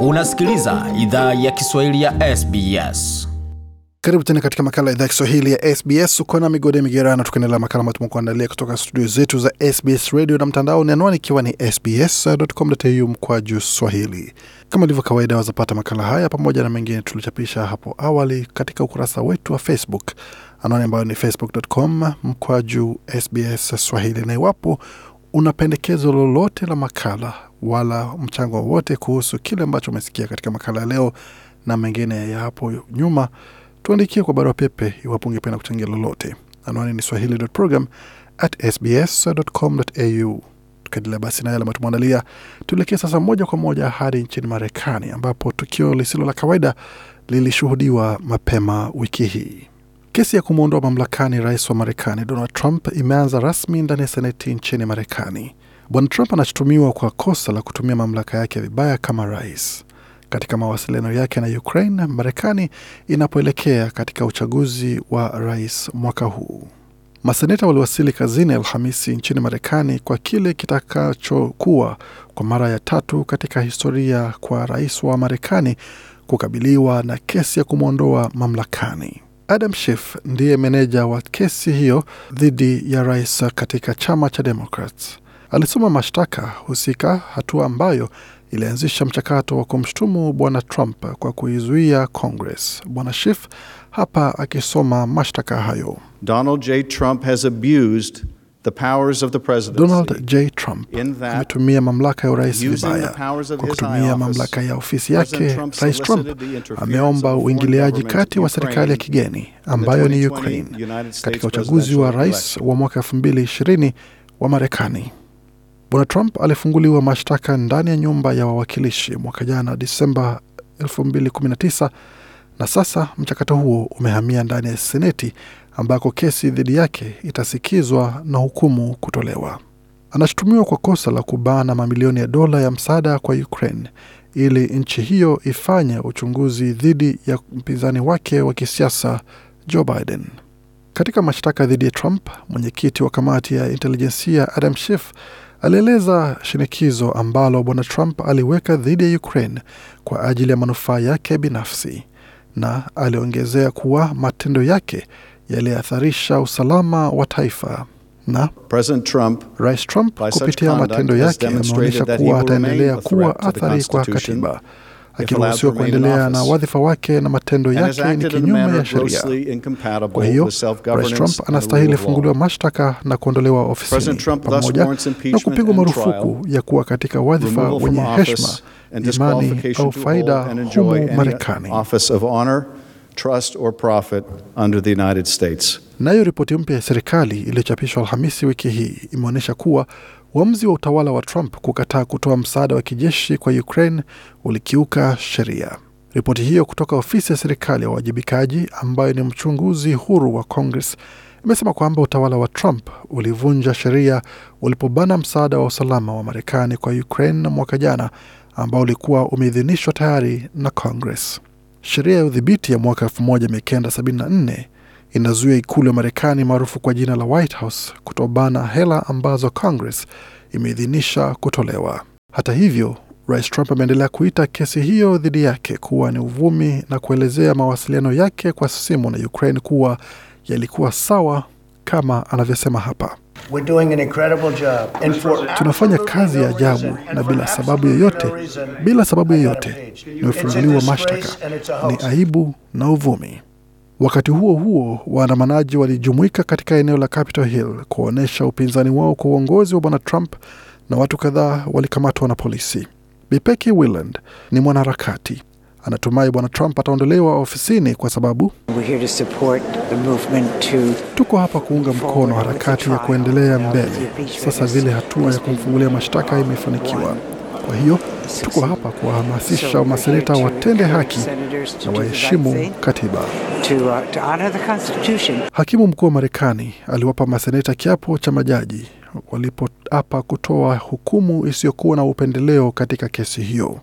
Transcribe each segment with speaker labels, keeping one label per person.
Speaker 1: Unasikiliza idhaa ya Kiswahili ya SBS. Karibu tena katika makala ya idhaa ya Kiswahili ya SBS. Uko na migode migerano, tukaendelea makala ambayo tumekuandalia kutoka studio zetu za SBS radio na mtandao, ni anwani ikiwa ni sbs.com.au juu swahili. Kama ilivyo kawaida, wazapata makala haya pamoja na mengine tuliochapisha hapo awali katika ukurasa wetu wa Facebook, anwani ambayo ni facebook.com juu sbs swahili, na iwapo una pendekezo lolote la makala wala mchango wowote kuhusu kile ambacho umesikia katika makala ya leo na mengine ya hapo nyuma, tuandikie kwa barua pepe iwapo ungependa kuchangia lolote. Anwani ni swahili.program at basi na yale ambayo tumeandalia, tuelekee sasa moja kwa moja hadi nchini Marekani ambapo tukio lisilo la kawaida lilishuhudiwa mapema wiki hii. Kesi ya kumwondoa mamlakani rais wa Marekani Donald Trump imeanza rasmi ndani ya seneti nchini Marekani. Bwana Trump anashutumiwa kwa kosa la kutumia mamlaka yake vibaya kama rais. Katika mawasiliano yake na Ukraine, Marekani inapoelekea katika uchaguzi wa rais mwaka huu. Maseneta waliwasili kazini Alhamisi nchini Marekani kwa kile kitakachokuwa kwa mara ya tatu katika historia kwa rais wa Marekani kukabiliwa na kesi ya kumwondoa mamlakani. Adam Schiff ndiye meneja wa kesi hiyo dhidi ya rais katika chama cha Democrats alisoma mashtaka husika, hatua ambayo ilianzisha mchakato wa kumshutumu bwana Trump kwa kuizuia Congress. Bwana Schiff hapa akisoma mashtaka hayo. Donald J. Trump has abused the powers of the presidency. Donald J. Trump ametumia mamlaka ya urais vibaya kwa kutumia mamlaka ya ofisi yake. Rais Trump ameomba uingiliaji kati wa serikali ya kigeni ambayo ni Ukraine katika uchaguzi wa rais wa mwaka 2020 wa Marekani. Bwana Trump alifunguliwa mashtaka ndani ya nyumba ya wawakilishi mwaka jana Disemba 2019 na sasa mchakato huo umehamia ndani ya Seneti ambako kesi dhidi yake itasikizwa na hukumu kutolewa. Anashutumiwa kwa kosa la kubana mamilioni ya dola ya msaada kwa Ukraine ili nchi hiyo ifanye uchunguzi dhidi ya mpinzani wake wa kisiasa Joe Biden. Katika mashtaka dhidi ya Trump, mwenyekiti wa kamati ya intelijensia Adam Schiff alieleza shinikizo ambalo bwana Trump aliweka dhidi ya Ukraine kwa ajili ya manufaa yake binafsi, na aliongezea kuwa matendo yake yaliatharisha usalama wa taifa na Trump, Rais Trump kupitia matendo yake ameonyesha kuwa ataendelea kuwa athari kwa katiba
Speaker 2: akiruhusiwa kuendelea na
Speaker 1: wadhifa wake na matendo yake ni kinyume ya sheria. Kwa hiyo Rais Trump anastahili funguliwa mashtaka na kuondolewa ofisini pamoja na kupigwa marufuku ya kuwa katika wadhifa wenye heshima, imani au faida humu Marekani trust or profit under the United States. Nayo ripoti mpya ya serikali iliyochapishwa Alhamisi wiki hii imeonyesha kuwa uamuzi wa utawala wa Trump kukataa kutoa msaada wa kijeshi kwa Ukraine ulikiuka sheria. Ripoti hiyo kutoka ofisi ya serikali ya uwajibikaji ambayo ni mchunguzi huru wa Congress imesema kwamba utawala wa Trump ulivunja sheria ulipobana msaada wa usalama wa Marekani kwa Ukraine mwaka jana ambao ulikuwa umeidhinishwa tayari na Congress. Sheria ya udhibiti ya mwaka 1974 inazuia ikulu ya Marekani maarufu kwa jina la White House kutobana hela ambazo Congress imeidhinisha kutolewa. Hata hivyo, Rais Trump ameendelea kuita kesi hiyo dhidi yake kuwa ni uvumi na kuelezea mawasiliano yake kwa simu na Ukraine kuwa yalikuwa sawa kama anavyosema hapa tunafanya kazi ya ajabu na bila sababu yoyote, bila sababu yoyote nimefunguliwa mashtaka, ni aibu na uvumi. Wakati huo huo, waandamanaji walijumuika katika eneo la Capitol Hill kuonyesha upinzani wao kwa uongozi wa bwana Trump, na watu kadhaa walikamatwa na polisi. Bipeki Willand ni mwanaharakati anatumai bwana Trump ataondolewa ofisini kwa sababu tuko hapa kuunga mkono harakati ya kuendelea mbele. Sasa vile hatua ya kumfungulia mashtaka imefanikiwa, kwa hiyo tuko hapa kuwahamasisha maseneta watende haki na waheshimu katiba. Uh, Hakimu mkuu wa Marekani aliwapa maseneta kiapo cha majaji walipoapa kutoa hukumu isiyokuwa na upendeleo katika kesi hiyo.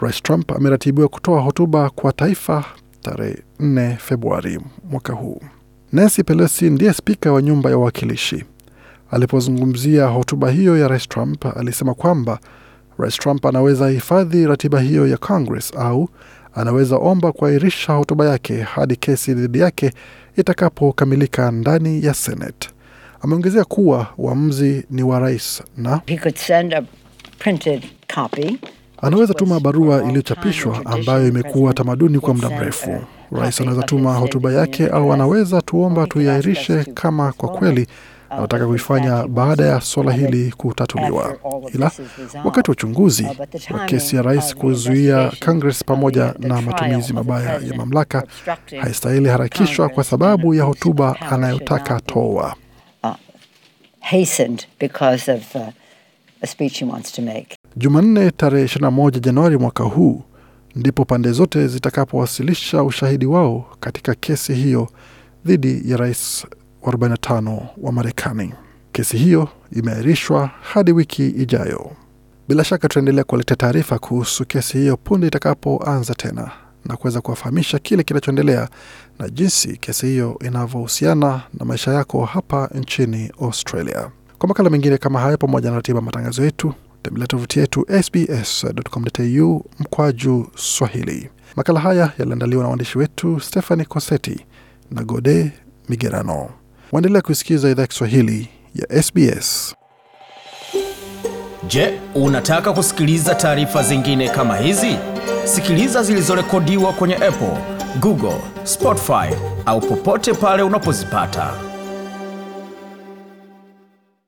Speaker 1: Rais Trump ameratibiwa kutoa hotuba kwa taifa tarehe 4 Februari mwaka huu. Nancy Pelosi ndiye spika wa nyumba ya wawakilishi. Alipozungumzia hotuba hiyo ya Rais Trump, alisema kwamba Rais Trump anaweza hifadhi ratiba hiyo ya Congress au anaweza omba kuahirisha hotuba yake hadi kesi dhidi yake itakapokamilika ndani ya Senate. Ameongezea kuwa uamuzi ni wa rais na Anaweza tuma barua iliyochapishwa ambayo imekuwa tamaduni kwa muda mrefu. Rais anaweza tuma hotuba yake, au anaweza tuomba tuiairishe kama kwa kweli anataka kuifanya baada ya swala hili kutatuliwa. Ila wakati wa uchunguzi wa kesi ya rais kuzuia Congress pamoja na matumizi mabaya ya mamlaka, haistahili harakishwa kwa sababu ya hotuba anayotaka toa. Uh, Jumanne tarehe 21 Januari mwaka huu ndipo pande zote zitakapowasilisha ushahidi wao katika kesi hiyo dhidi ya rais wa 45 wa Marekani. Kesi hiyo imeahirishwa hadi wiki ijayo. Bila shaka tutaendelea kuwaletea taarifa kuhusu kesi hiyo punde itakapoanza tena na kuweza kuwafahamisha kile kinachoendelea na jinsi kesi hiyo inavyohusiana na maisha yako hapa nchini Australia. Kwa makala mengine kama haya, pamoja na ratiba matangazo yetu tembelea tovuti yetu sbs.com.au mkwaju Swahili. Makala haya yaliandaliwa na waandishi wetu Stephani coseti na Gode Migerano. Waendelea kuisikiza idhaa Kiswahili ya SBS. Je, unataka kusikiliza taarifa zingine kama hizi? Sikiliza zilizorekodiwa kwenye Apple, Google, Spotify au popote pale unapozipata.